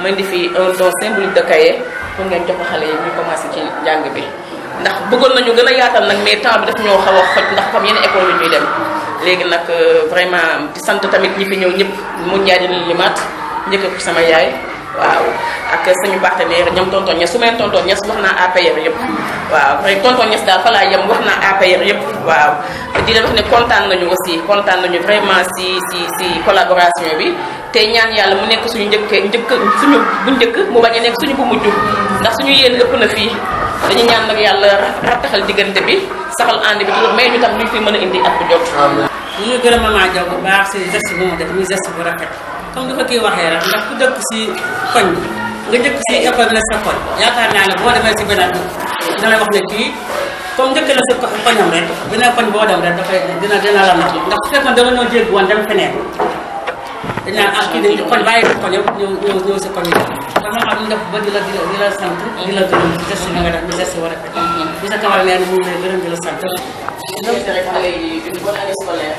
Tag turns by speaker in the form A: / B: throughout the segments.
A: mu indi fii un don symbolique de cahier pour ngeen jox ko xale yi ñu commencé ci njàng bi ndax bëggoon nañu gën a yaatal nag mais temps bi daf ñoo xaw xoj ndax xam yenn école yu ñuy dem léegi nag euh, vraiment di sant tamit ñi fi ñëw ñëpp mu jaajëfal limaat njëkkee ko sama yaay waaw ak suñu partenaire ñam tonton ñes su tonton ñes wax naa APR yëpp ya, waaw rek tonton ñes daal fa laa ya, yem wax naa APR yëpp ya, waaw di leen wax ne kontaan nañu aussi kontaan nañu vraiment si si si collaboration bi te ñaan yàlla mu nekk suñu njëkk njëkk suñu bu njëkk mu bañ a nekk suñu bu mujj ndax suñu yéen ëpp na fii dañu ñaan nag yàlla rattaxal diggante bi saxal ànd bi toujours may ñu tam ñu fi mën a indi at bu jot ñu gërëm mama jaw bu baax seen geste bu mu def muy geste bu rafet comme ni ko waxee rek ndax ku dëkk si koñ nga dëkk si école la sa koñ yaakaar naa ne boo demee si beneen dëkk dana wax ne kii comme njëkk la sa koñam rek beneen koñ boo dem rek dafay dina dina
B: la nax ndax su fekkoon danga ñoo jéggi woon dem feneen dañ naan ah kii dañ koñ bàyyi sa koñam ñëw ñëw ñëw sa koñ yi dama xam def ba di la di la di la sant di la gërëm nga
A: def war a fekk bu sa mu ngi gërëm di la sant rek xale yi une bonne année
B: scolaire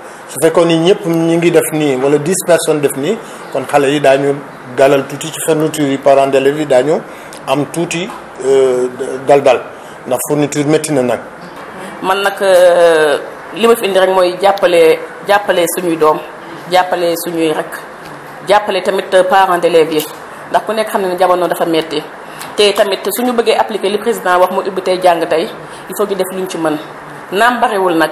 C: su fekkoon ni ñëpp ñu ngi def nii wala dix personnes def nii kon xale yi daañu dalal tuuti ci fourniture yi parents d'élèves yi daañu am tuuti euh, dal-dal ndax fourniture métti na nag.
A: man nag euh, li ma fi indi rek mooy jàppale jàppale suñuy doom jàppale suñuy rek jàppale tamit euh, parents d'élèves yi ndax ku nekk xam ne jamono dafa metti te tamit suñu bëggee appliquer li président wax mu ubbi tey jàng tey il faut ñu def luñ ci mën naa barewul nag.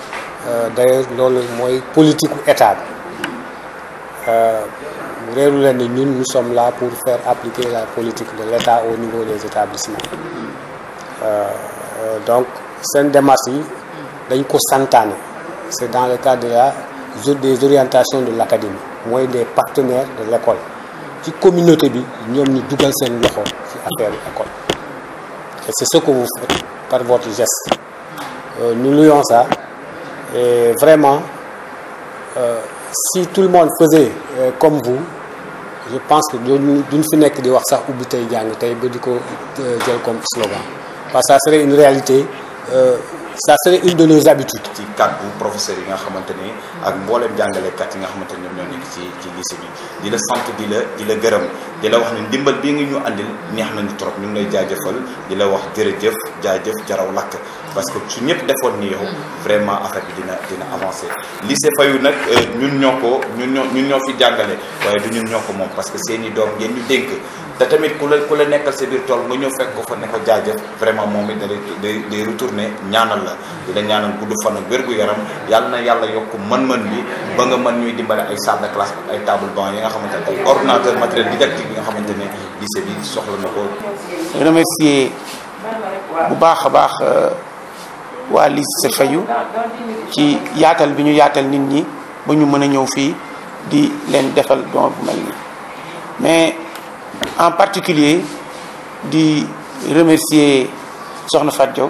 D: Euh, d'ailleurs loolu mooy politique u état bi euh, réeru leen ni ñun nous sommes la pour faire appliquer la politique de l'état au niveau des établissements euh, donc seen démarche yi dañ ko santaane c'est dans le cadre de la des orientations de l'académie mooy des partenaire de l'école ci communauté bi ñoom ñu dugal seen loxo ci affaire école et c'est ce que vous faites par votre geste nous louons ça Et vraiment, euh, si tout le monde faisait euh, comme vous, je pense que d'une ne nekk di wax sax ça tey jàng euh, comme slogan parce que ça serait une réalité ça serait une de nos habitudes. ci kàddu professeur yi nga xamante ne ak mboolem jàngalekat yi nga xamante ñoo nekk ci ci lycée bi di la sant di la di la gërëm di la wax ne dimbal bi nga ñu andil neex nañu trop ñu ngi lay jaajëfal di la wax jërëjëf jaajëf jaraw lak parce que ci ñepp defoon ni yow vraiment affaire bi dina dina avancer lycée fayu nak euh, ñun ñoko ñun ñun ñoo fi jàngale waaye du ñun ñoko ko parce que seeni doom yéen ñu dénk da tamit ku la ku la nekkal sa biir tool nga ñëw fekk ko fa ne ko jaajëf vraiment moom it day day retourner ñaanal la di la ñaanal gudd fan ak wér-gu-yaram yàlla na yàlla yokk man man bi ba nga man ñuy dimbale ay salle classe ay table banc yi nga xamante ne ay ordinateur matériel didactique bi nga xamante ne lycée bi soxla na ko remercier bu baax a baax euh, waa lycée Faye ci yaatal bi ñu yaatal nit ñi ba ñu mën a ñëw fii di leen defal don bu mel nii mais en particulier di remercier Soxna Fatou Diaw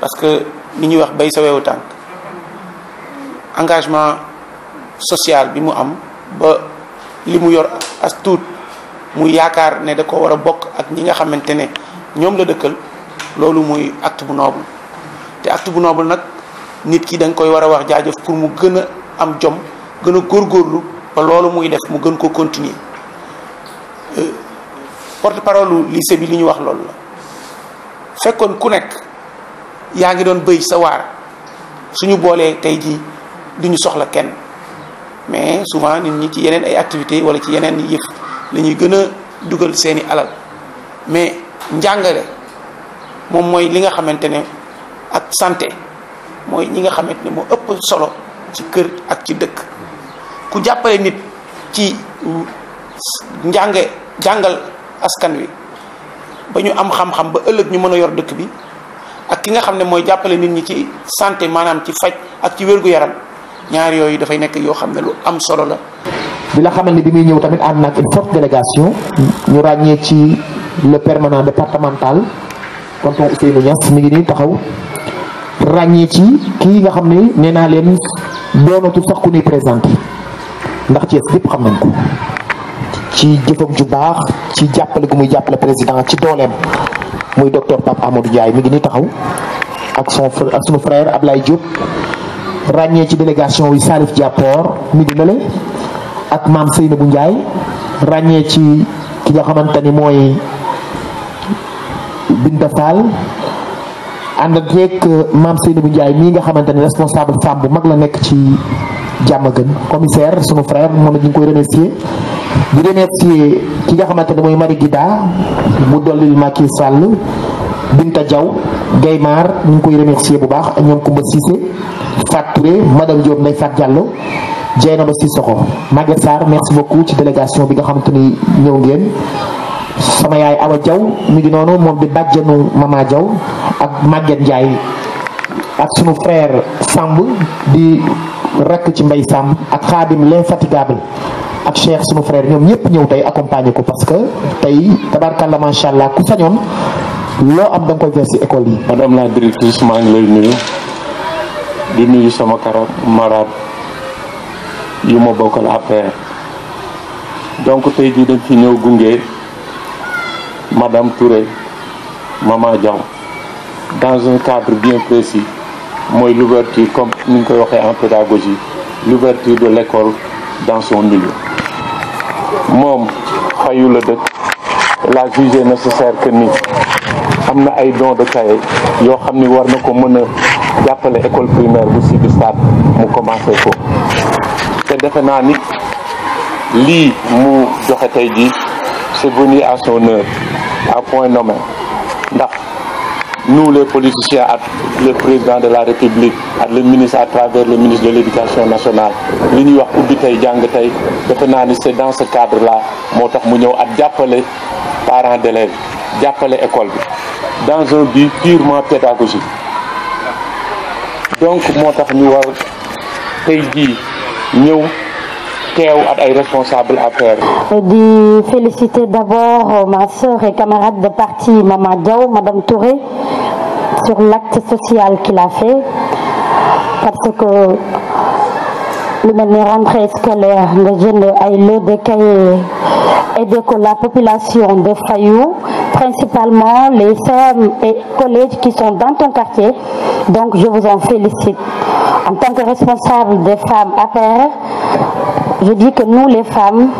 D: parce que li ñuy wax bay sa tànk engagement social bi mu am ba li mu yor as tuut mu yaakaar ne da ko war a bokk ak ñi nga xamante ne ñoom la dëkkal loolu muy actu bu noble te actu bu noble nag nit ki da koy war a wax jaajëf pour mu gën a am jom gën a góorgóorlu ba loolu muy def mu gën ko continuer euh, porte parole lycée bi li ñu wax loolu la fekkoon ku nekk. yaa ngi doon bëy sa waar suñu boolee tey jii duñu soxla kenn mais souvent nit ñi ci yeneen ay activités wala ci yeneen yëf la ñuy gën a dugal seeni alal mais njàngale moom mooy li nga xamante ne ak santé mooy ñi nga xamante ne moo ëpp solo ci kër ak ci dëkk ku jàppale nit ci njànge jàngal askan wi ba ñu am xam-xam ba ëllëg ñu mën a yor dëkk bi ak ki nga xam ne mooy jàppale nit ñi ci santé maanaam ci faj ak ci wér-gu-yaram ñaar yooyu dafay nekk yoo xam ne lu am solo la.
C: bi la xamal ne bi muy ñëw tamit ànd na ak une forte délégation ñu ràññee ci le permanent départemental tonton Ousseynou Niass mi ngi nii taxaw ràññee ci kii nga xam ne nee naa leen doonatul sax ku ñuy présenté ndax Thiès yëpp xam nañ ko ci jëfam ju baax ci jàppale gu muy jàppale président ci dooleem muy docteur Pape Amadou Ndiaye mi ngi ni taxaw ak son ak sunu frère Ablaye Diop ràññee ci délégation yi Salif Diapor mi ngi nële ak maam Seynabou Ndiaye ràññee ci ki nga xamante ni mooy Binta Fall ànd ak rek euh, maam bu njaay mii nga xamante ni responsable femme bu mag la nekk ci jàmm gën commissaire sunu frère moom it ñu koy remercier di remercier ki nga xamante ne mooy Marie Guida mu dollil Macky Sall Binta Diaw Gaymar ñu ngi koy remercier bu baax ñoom Koumba Cissé Fat Touré madame Diop Ndeye Fat Diallo Dieynaba Sissoko Maguette Sarr merci beaucoup ci délégation bi nga xamante ni ñëw ngeen sama yaay Awa Diaw mi ngi noonu moom di bàjjanu Mama jaw ak Maguette Ndiaye ak sunu frère Samb di rakk ci Mbay Samb ak Xaadim l'infatigable ak Cheikh sunu frère ñoom ñëpp ñëw tey accompagner ko parce que tey tabarkàlla macha allah ku sañoon loo am da koy verser école yi.
E: madame la directrice maa ngi lay nuyu di nuyu sama kara maraat yu ma bokkal APR donc tey jii dañ fi ñëw gunge madame Touré Mama Diaw dans un cadre bien précis mooy l'ouverture comme ni ñu koy waxee en pédagogie l'ouverture de l'école dans son milieu Mom, fayu la la jugé nécessaire que nous. avons ay don de cahier yo xamni war primaire bu Sigi Stade mu commencé ko te na c'est venu à son heure à point nommé nous les politiciens, le président de la République, le ministre à travers le ministre de l'Éducation nationale, nous c'est dans ce cadre-là, nous avons parents d'élèves, appelé école, dans un but purement pédagogique. Donc, nous avons dit, nous teew à ay Je affaire
B: de féliciter d'abord ma sœur et camarade de parti Maman Diao, Madame Touré sur l'acte social qu'il a fait, parce que le rentrée scolaire, les jeunes Aïlo, de Kaye, et de la population de Fayou, principalement les femmes et collèges qui sont dans ton quartier. Donc je vous en félicite. En tant que responsable des femmes à je dis que nous les femmes,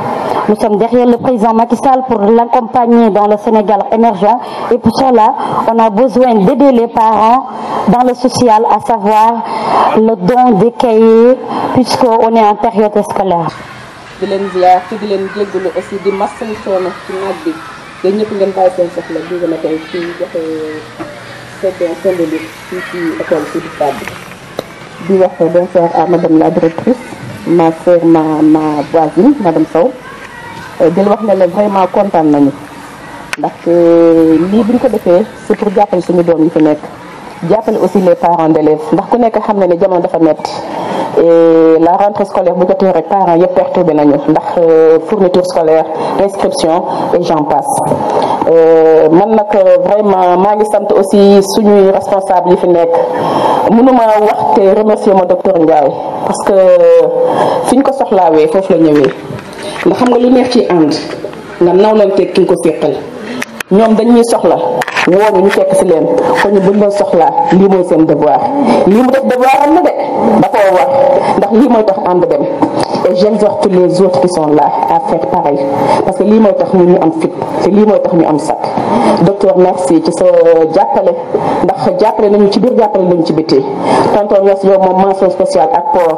B: nous sommes derrière le président Macky Sall pour l'accompagner dans le Sénégal émergent. Et pour cela, on a besoin d'aider les parents dans le social, à savoir le don des cahiers, on est en période scolaire.
A: di leen ziar ci di leen jéggalu aussi di masawu coono ci naaj bi yéen ñëpp ngeen bàyyi seen soxla di gën a tey ci joxe seddon symbolique fii ci école ci di bi di wax à madame la directrice ma sœur, ma ma voisine madame Sow euh, del wax ne la vraiment content nañu ndax euh, lii bi ñu ko defee c'est pour jàppale suñu doom yi fi nekk jàppale aussi les parents d'élèves ndax ku nekk xam na ne jamono dafa metti et la rentrée scolaire bu jotee rek parents yëpp perturbé nañu ndax euh, fourniture scolaire inscription et j'en passe man nag vraiment maa ngi sant aussi suñuy responsable yi fi nekk mënuma wax te remercier ma docteur Ndiaye parce que fi ñu ko soxlaawee foofu la ñëwee ndax xam nga lu neex ci ànd nga nawlante ki nga ko séqal ñoom dañ ñuy soxla ñu woo ñu ñu fekk si leen kon ñu buñ leen soxlaa lii mooy seen devoir lii mu
B: def devoir am na de da war
A: ndax lii mooy tax ànd dem et j'exhorte tous les autres qui la là à parce que lii mooy tax ñu ñu am fit te lii mooy tax ñu am sakk docteur merci ci sa jàppale ndax jàppale nañu ci biir jàppale nañu ci biti tonton Niass yow moom mention spéciale ak port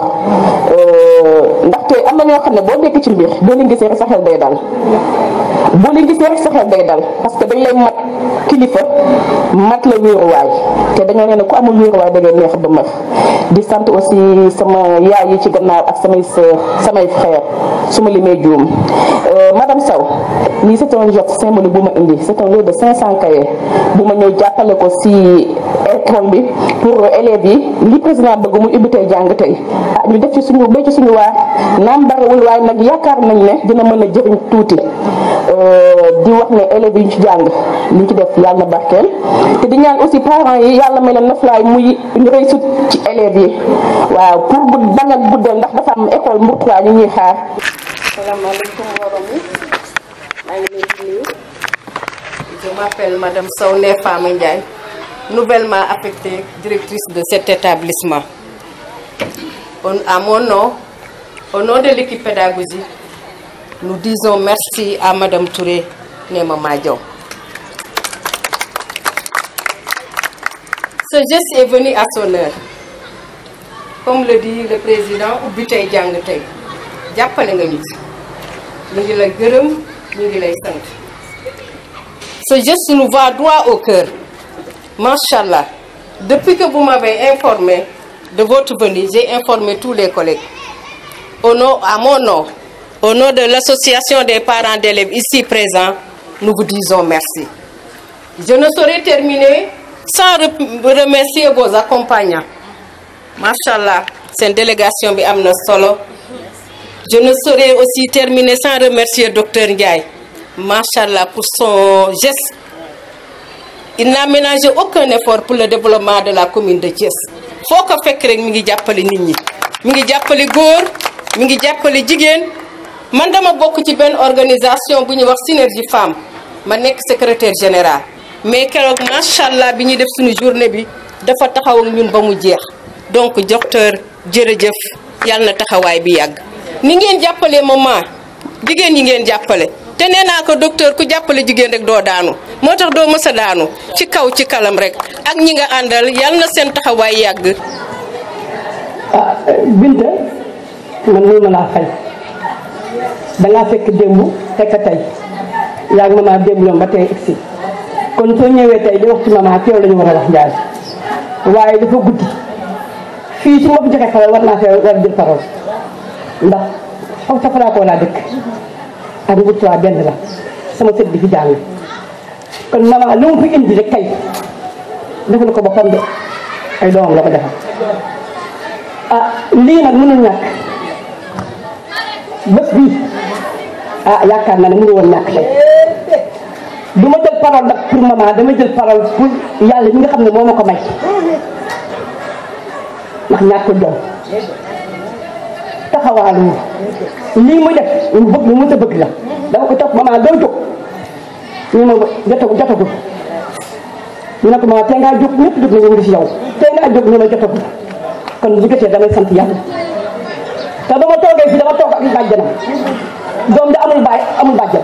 A: euh, ndaxte am na ñoo xam ne boo nekk ci mbir boo leen gisee rek sa xel day dal boo leen gisee rek sa xel day dal parce que dañ lay mat kilifa mat la wéeruwaay te dañoo nee ne ku amul wéeruwaay da neex ba max di sant aussi sama yaay yi ci gannaaw ak samay sœur samay frère suma ma limee juum euh, madame Sow lii c'est un geste symbolique bu ma indi c'est un lot de 500 cahiers bu ma ñëw jàppale école bi pour élèves yi li président bëgg muy ubbi jàng tey ah, ñu def ci suñu béy ci suñu waar naam barewul waaye nag yaakaar nañ ne dina mën a jëriñ tuuti euh, di wax ne élèves yi ci jàng li ci def yàlla na barkeel te di ñaan aussi parents yi yàlla may leen noflaay muy une réussite ci élèves yi waaw pour bu bañ a guddal ndax dafa am école mbuqwaa ñu ñuy xaar
F: salaamaaleykum mbooloo mi maa Sow Ndeye Fama nouvellement affectée directrice de cet établissement. à mon nom, au nom de l'équipe pédagogique, nous disons merci à Madame Touré Nema Ce geste est venu à son heure. Comme le dit le président Ce geste nous va droit au cœur. Machallah, depuis que vous m'avez informé de votre venue, j'ai informé tous les collègues. Au nom, à mon nom, au nom de l'association des parents d'élèves ici présents, nous vous disons merci. Je ne saurais terminer sans remercier vos accompagnants. Machallah, c'est une délégation qui amène solo. Je ne saurais aussi terminer sans remercier docteur Ndiaye. Machallah pour son geste il n'a ménagé aucun effort pour le développement de la commune de Thiès foo ko fekk rek mu ngi jàppale nit ñi mu ngi jàppale góor mu ngi jàppale jigéen man dama bokk ci benn organisation bu ñuy wax synergie femme ma nekk secretaire général mais keroog macha allah bi ñuy def suñu journée bi dafa taxaw ak ñun ba mu jeex donc docteur jërëjëf yàlla na taxawaay bi yàgg ni ngeen jàppalee maman jigéen ñi ngeen jàppale. te nee naa ko docteur ku jàppale jigéen rek doo daanu moo tax doo mës a daanu ci kaw ci kalam rek ak ñi nga àndal yal na seen taxawaay yàgg.
B: ah Binta man mënu laa fay dangaa fekk démb fekk tey yaa ngi ma démb loon ba tey egsi kon soo ñëwee tey di wax ci maman teew la ñu war a wax njaay waaye dafa guddi fii su ma ko joxee war naa fee war jël parole ndax aw safaraakoo laa dëkk. ak Mbour Tuubaa benn la sama sët bi fi jàng kon maman lu mu fi indi rek tey defal ko boppam de ay doomam la ko defal ah, lii nag mënul ñàkk bés bii ah yaakaar naa ne mënu woon ñàkk ma jël parole nag pour maman dama jël parole yàlla ñi nga xam ne moo ma ko may ndax ñàkkul doom taxawaalu li muy def ñu bëgg ñu mënta bëgg la dama ko tax mama doo jóg ñu ma jotta ko jotta ko ñu nak ma maman nga jox ñepp ñëpp jóg nañu ngi si yow tey nga jox ñu la jotta ko kon bu da lay sant yalla ta dama ma toogee dama tok ak bàjjanam doom da amul bay amul bajjal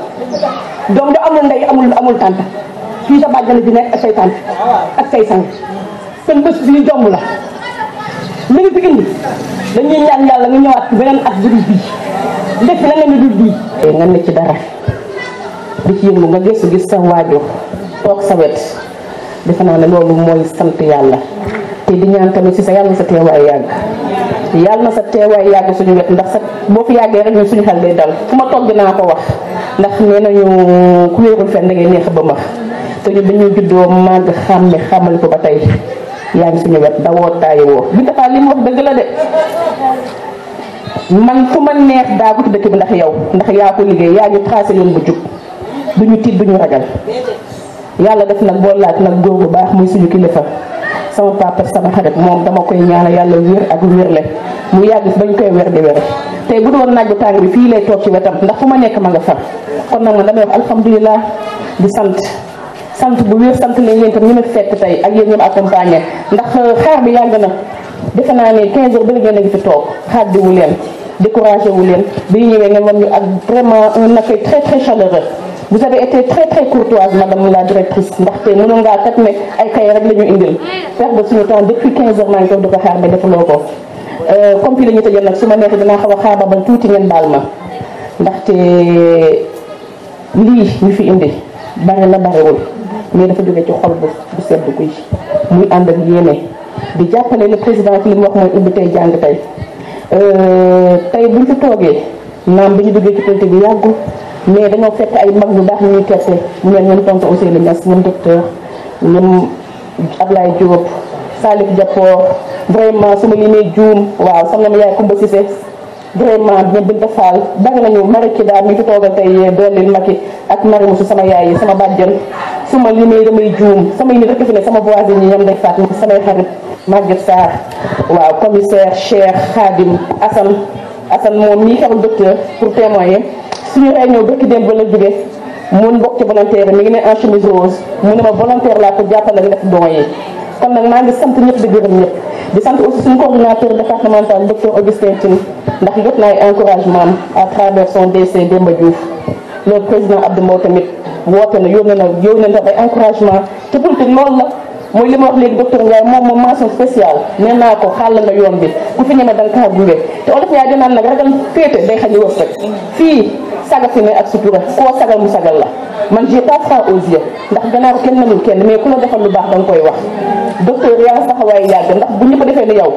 B: doom da amul ndey amul amul tante fii sa bajjal di nek ak say tànt ak say sang kon bés fii jomb la ñu bëgg fi dañuy ñaan yàlla nga ñëwaat ci beneen at jurus bi def la nga ne dul bi
A: eh, nga ne ci dara di ci yëngu nga gëstu gis sa waajur toog sa wet defe naa ne loolu mooy sant yàlla te di ñaan tamit si sa yàlla sa teewaay yàgg yàlla na sa teewaay yàgg suñu wet ndax sa boo fi yàggee rek ñun suñu xel day dal fu ma toog dinaa ko wax ndax nee nañu ku wéerul fenn da ngay neex ba ma te ñu dañuy juddoo màgg xàmme xàmmali ko ba tey yaa ngi suñu wet dawoo taayoo bi dafa li mu wax dëgg la de man fu ma neex daa guti dëkk bi ndax yow ndax yaa ko liggéey yaa ñu tracé yoon bu jub du ñu tiit du ñu ragal yàlla def nag boo laaj nag góor bu baax muy suñu kilifa sama papa sama xarit moom dama koy ñaanal yàlla wér ak wérle mu yàgg bañ koy wér di wér tey bu doon naaj tàng bi fii lay toog ci wetam ndax fu ma nekk ma nga fa kon nag man damay wax alhamdulilah di sant sant bu wér sant leen yéen tam ñu ma fekk tey ak yéen ñoom accompagné ndax euh, xaar bi yàgg na defe naa ne 15 jours ba la ngeen a fi toog xaar wu leen découragé wu leen bi ñu ñëwee ngeen wan ñu vraiment un accueil très très chaleureux vous avez été très très courtoise madame la directrice ndaxte mënoon ngaa kat ne ay kay rek la ñu indil perdre suñu temps depuis 15 heures maa ngi toog di ko xaar ko euh, comme fii la ñu tëjal nag su ma neexee dinaa xaw a xaar ba tuuti ngeen baal ma ndax te lii ñu fi indi bare la barewul mais dafa jógee ci xol bu bu sedd guy muy ànd ak yéene di jàppale le président ci li mu wax mooy ubbi tey jàng tey euh, tey buñ fi toogee naam bi ñu duggee ci politique bi yàggul mais dañoo fekk ay mag ñu baax ñu ñuy kerse ñu mel ñoom tonton Ousseynou Niass ñoom docteur ñoom Ablaye Diop Salif Diapo vraiment su ma limee juum waaw sama yaay Kumba Cissé vraiment dina Binta Fall danga nañu Marie Kida mi fi toogal tey eh, dollil Macky ak Marie Moussa sama yaay yi sama bàjjen su ma limee damay juum sama yi ni rekk fi ne sama voisine yi ñoom day faat samay xarit Maguette Sarr waaw commissaire Cheikh Khadim Assane Assane moom mii xamul docteur pour témoigner suñu réunion bëkki démb la jóge mun bokk ci volontaire mi ngi ne en chemise rose mu ne ma volontaire laa ko jàppale nga def don yi kon nag maa ngi sant ñëpp di gërëm di sant aussi suñu coordinateur départemental docteur Augustin ndax jot naa ay encouragement à travers son DC Demba Diouf le président Abdou Mbow tamit woote na yónnee na yónnee na ay encouragement te politique loolu la mooy li ma wax léegi docteur Ndiaye moom moom mention spéciale naa ko xàll nga yoon bi ku fi ñeme da nga kaa gunge te olof Ndiaye dinaan nag ragal féete day xañ wërsëg fii sagatine ak sutura koo sagal mu sagal la man j'ai pas franc aux yeux ndax gannaaw kenn mënul kenn mais ku la defal lu baax da nga koy wax docteur yaa ngi yàgg ndax bu ñu ko defee ne yow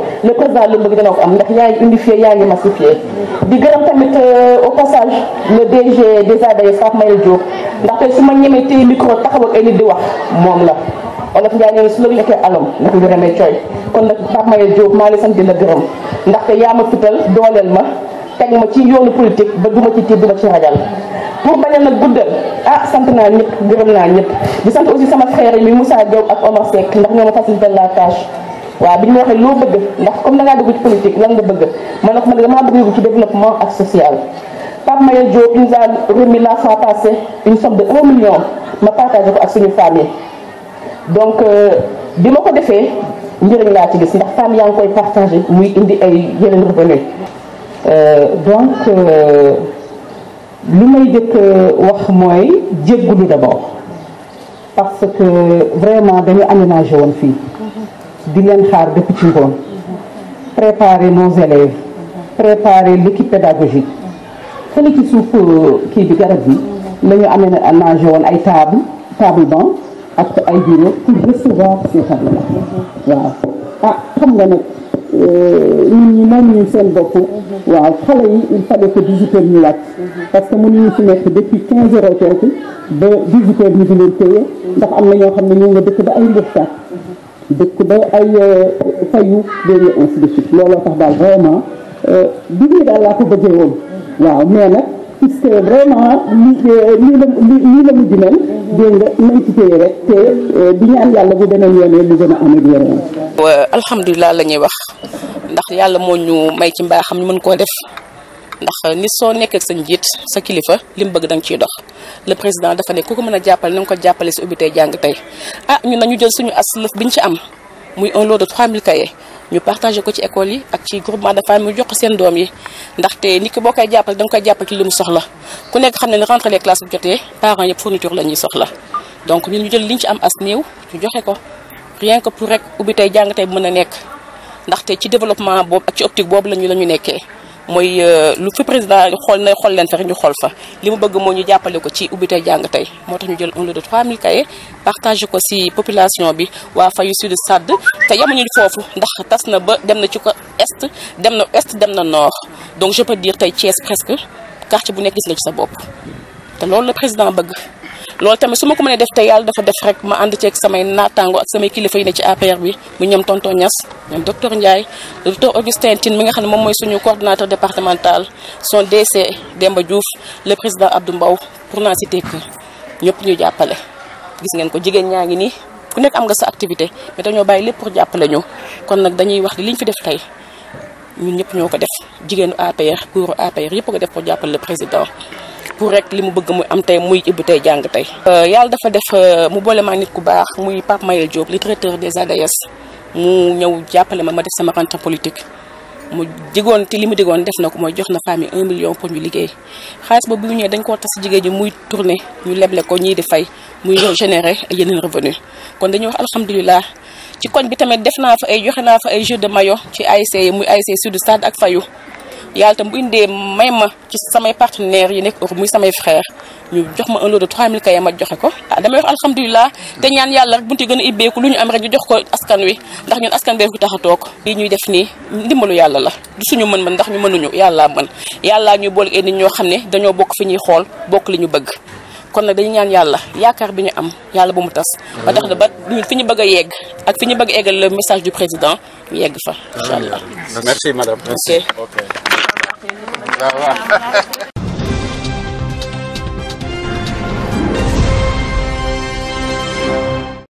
A: di gërëm tamit euh, au passage le DG des ADS su ma ñemee téye micro taxaw la olof na su la lekkee alom na ko ñu remee cooy di la gërëm ndaxte yaa ma fital dooleel ma teg ma ci yoonu politique ba duma ci tiit duma ci ragal pour bañ a nag guddal ah sant naa ñëpp gërëm naa ñëpp di sant aussi sama frère mi Moussa Diop ak Omar Seck ndax ñoo ma facilité la tâche waaw bi ñu waxee loo bëgg ndax comme da ngaa dugg ci politique lan nga bëgg ma ne ko man damaa bëgg ci développement ak social Pape Maye Diop il nous a remis la fois passée une somme de 1 million ma partagé ko ak suñu famille donc euh, bi ma ko defee njëriñ laa ci gis ndax femme yaa koy
B: partagé muy indi ay yeneen Euh, donc euh, li may jëkk wax mooy jéggulu d'abord parce que vraiment dañu aménagé woon fii di leen xaar depuis ci ngoon préparer nos élèves préparer l'équipe pédagogique fële ci suuf euh, kii bi garab bi la ñu aménagé woon ay table table banc ak ay bureau pour recevoir ces tables là waaw ah ñun euh, ñi moom ñu seen bopp mhm. waaw xale yi il fallait que 18 heures ñu mhm. parce que mënuñu fi nekk depuis 15 heures et quelque ba 18 heures ñu di leen téye mhm. ndax am na ñoo xam ne ñoo nga dëkk ba ay mbuxtaat dëkk ba ay euh, fayu dénga ainsi de suite looloo tax daal vraiment bi euh, daal laa ko bëggee woon waaw mais nag c'est euh, vraiment lii la lii la euh,
A: euh, la ñuy wax ndax yàlla moo ñu may ci mbaaxam ñu mën koo def ndax nit soo nekkee sa njiit sa kilifa li mu bëgg da ciy dox le président dafa ne ku ko mën a jàppale na nga ko jàppale si ubbi tey jàng tey ah ñun nañu jël suñu as lëf bi ñu ci am muy un lot de 3000 cahiers ñu partagé ko ci école yi ak ci groupement de famille mu jox ko seen doom yi ndaxte nit ki boo koy jàppale da koy jàppale ci li mu soxla ku nekk xam ne ne rentrée les classes bu jotee parents yëpp fourniture la ñuy soxla donc ñun ñu jël liñ ci am as néew ñu joxe ko rien que pour rek ubbi tey jàng tey mën a nekk ndaxte ci développement boob ak ci optique boobu la ñu la ñu nekkee moy euh, lu fi président xool na xool len fexe ñu xool fa limu bëgg mo ñu jappalé ko ci ubité jang tay motax ñu jël un lot de 3000 cahiers partagé ko ci population bi wa Fayu Sud sad te yemuñu fofu ndax tas na ba dem na ci ko est dem na est dem na nord donc je peux dire tay ties presque quartier bu nekk gis na ci sa bop te loolu le président bëgg. lol tamit suma ko mënee def te yalla dafa def rek ma ci ak samay natango ak samay kilifa yi ne ci APR bi mu ñoom tonton ñass ñoom docteur ndjay docteur Augustin tin mi nga xamne mom moy suñu coordinateur départemental son DC Demba Diouf le président Abdou mbaw pour na citer que ñep ñu jappalé gis ngeen ko jigen ñaangi ni ku nek am nga sa activité mais dañu bàyyi lepp pour jappalé ñu kon nak dañuy wax liñ fi def tay ñun ñep ñoko def jigéenu APR góoru APR yëpp ko def pour jappalé le président pour rek li mu bëgg muy am tey muy ibbi tey jàng euh, tey. yàlla dafa def euh, mu boole maa nit ku baax muy Pape Mayel Diop littérateur des ADS mu ñëw jàppale ma ma def sama rentrée politique. mu digoon te li mu digoon def na ko mooy jox na femme yi un million pour ñu liggéey xaalis boobu bu ñëwee dañ koo tas jigéen ñi muy tourner ñu leble ko ñii di fay muy générer ay yeneen revenu kon dañuy wax alhamdulilah ci koñ bi tamit def naa fa ay joxe naa fa ay jeux de maillot ci ASC yi muy ASC Sud Stade ak fayu yàlla tam bu indee même ci samay partenaire yi nek muy samay frère ñu jox ma un lot de 3000 kay ma joxe ko ah damay wax alhamdulilah té ñaan yalla rek bunti gëna a ibbeeku lu ñu am rek ñu jox ko askan wi ndax ñun askan bee ko tax a toog ñuy def ni ndimbalu yalla la du suñu mën mën ndax ñu mënuñu yalla mën yalla ñu boole é nit ñoo xamné dañoo bokk fi ñuy xool bokk li ñu bëgg kon nak dañu ñaan yalla yaakar bi ñu am yalla bu mu tass ba tax na ba ñun fi ñu bëgg yegg ak fi ñu bëgg égal le message du président ñu yegg fa incha allah
D: merci madame ok 来来。